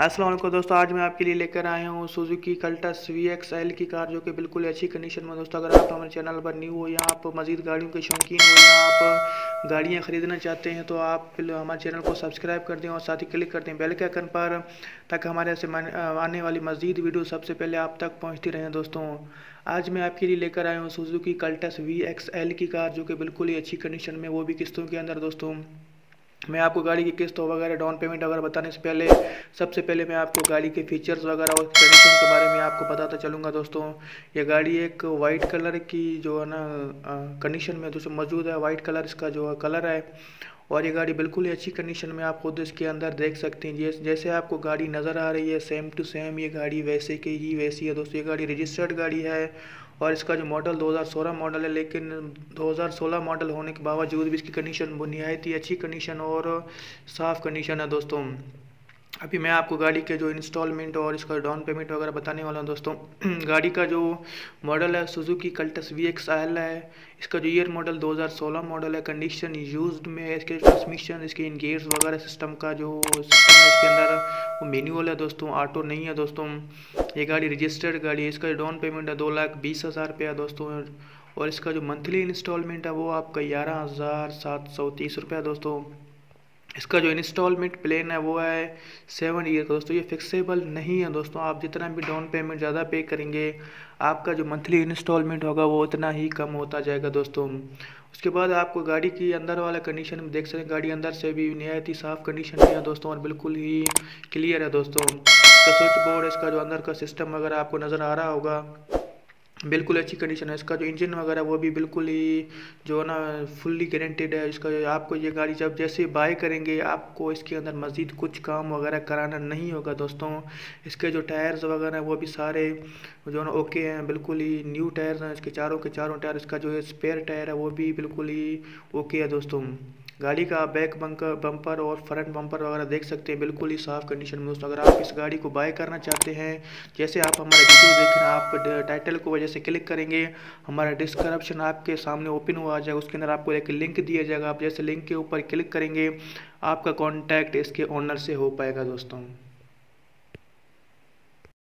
असलम दोस्तों आज मैं आपके लिए लेकर आया हूँ Suzuki Cultus V X L की कार जो कि बिल्कुल अच्छी कंडीशन में दोस्तों अगर आप हमारे चैनल पर न्यू हो या आप मज़ीद गाड़ियों के शौकीन हो या आप गाड़ियाँ ख़रीदना चाहते हैं तो आप हमारे चैनल को सब्सक्राइब कर दें और साथ ही क्लिक कर दें बेल के आइकन पर ताकि हमारे ऐसे आने वाली मज़ीद वीडियो सबसे पहले आप तक पहुँचती रहें दोस्तों आज मैं आपके लिए लेकर आया हूँ Suzuki Cultus V X L की कार जो कि बिल्कुल ही अच्छी कंडीशन में वो भी किस्तों के अंदर दोस्तों मैं आपको गाड़ी की किस्त वगैरह डाउन पेमेंट वगैरह बताने से पहले सबसे पहले मैं आपको गाड़ी के फीचर्स वगैरह और कंडीशन के बारे में आपको बताता चलूँगा दोस्तों ये गाड़ी एक वाइट कलर की जो है ना कंडीशन में जो मौजूद है वाइट कलर इसका जो कलर है और ये गाड़ी बिल्कुल ही अच्छी कंडीशन में आप खुद इसके अंदर देख सकते हैं जैसे आपको गाड़ी नज़र आ रही है सेम टू सेम ये गाड़ी वैसे की ही वैसी है दोस्तों ये गाड़ी रजिस्टर्ड गाड़ी है और इसका जो मॉडल 2016 मॉडल है लेकिन 2016 मॉडल होने के बावजूद भी इसकी कंडीशन नहायत ही अच्छी कंडीशन और साफ़ कंडीशन है दोस्तों अभी मैं आपको गाड़ी के जो इंस्टॉलमेंट और इसका डाउन पेमेंट वगैरह बताने वाला हूँ दोस्तों गाड़ी का जो मॉडल है Suzuki Cultus V X L है इसका जो ईयर मॉडल 2016 मॉडल है कंडीशन यूज्ड में है इसके ट्रांसमिशन इसके गेयर्स वगैरह सिस्टम का जो सिस्टम है इसके अंदर वो मैनुअल है दोस्तों ऑटो नहीं है दोस्तों ये गाड़ी रजिस्टर्ड गाड़ी है इसका डाउन पेमेंट है दो लाख बीस हज़ार रुपया दोस्तों और इसका जो मंथली इंस्टॉलमेंट है वो आपका ग्यारह हज़ार सात सौ तीस रुपया दोस्तों इसका जो इंस्टॉलमेंट प्लान है वो है सेवन ईयर का दोस्तों ये फिक्सेबल नहीं है दोस्तों आप जितना भी डाउन पेमेंट ज़्यादा पे करेंगे आपका जो मंथली इंस्टॉलमेंट होगा वो उतना ही कम होता जाएगा दोस्तों उसके बाद आपको गाड़ी की अंदर वाला कंडीशन में देख सकते हैं गाड़ी अंदर से भी नहायत ही साफ़ कंडीशन में है दोस्तों और बिल्कुल ही क्लियर है दोस्तों इसका स्विच बोर्ड इसका जो अंदर का सिस्टम अगर आपको नज़र आ रहा होगा बिल्कुल अच्छी कंडीशन है इसका जो इंजन वगैरह वो भी बिल्कुल ही जो है ना फुल्ली गारंटेड है इसका जो आपको ये गाड़ी जब जैसे बाय करेंगे आपको इसके अंदर मज़ीद कुछ काम वगैरह कराना नहीं होगा दोस्तों इसके जो टायर्स वगैरह हैं वो भी सारे जो है ना ओके हैं बिल्कुल ही न्यू टायर्स हैं इसके चारों के चारों टायर इसका जो है स्पेयर टायर है वो भी बिल्कुल ही ओके है दोस्तों गाड़ी का बैक बंकर बम्पर और फ्रंट बम्पर वगैरह देख सकते हैं बिल्कुल ही साफ कंडीशन में दोस्तों अगर आप इस गाड़ी को बाय करना चाहते हैं जैसे आप हमारे वीडियो देख रहे हैं आप टाइटल को वजह से क्लिक करेंगे हमारा डिस्क्रिप्शन आपके सामने ओपन हुआ आ जाएगा उसके अंदर आपको एक लिंक दिया जाएगा आप जैसे लिंक के ऊपर क्लिक करेंगे आपका कॉन्टैक्ट इसके ऑनर से हो पाएगा दोस्तों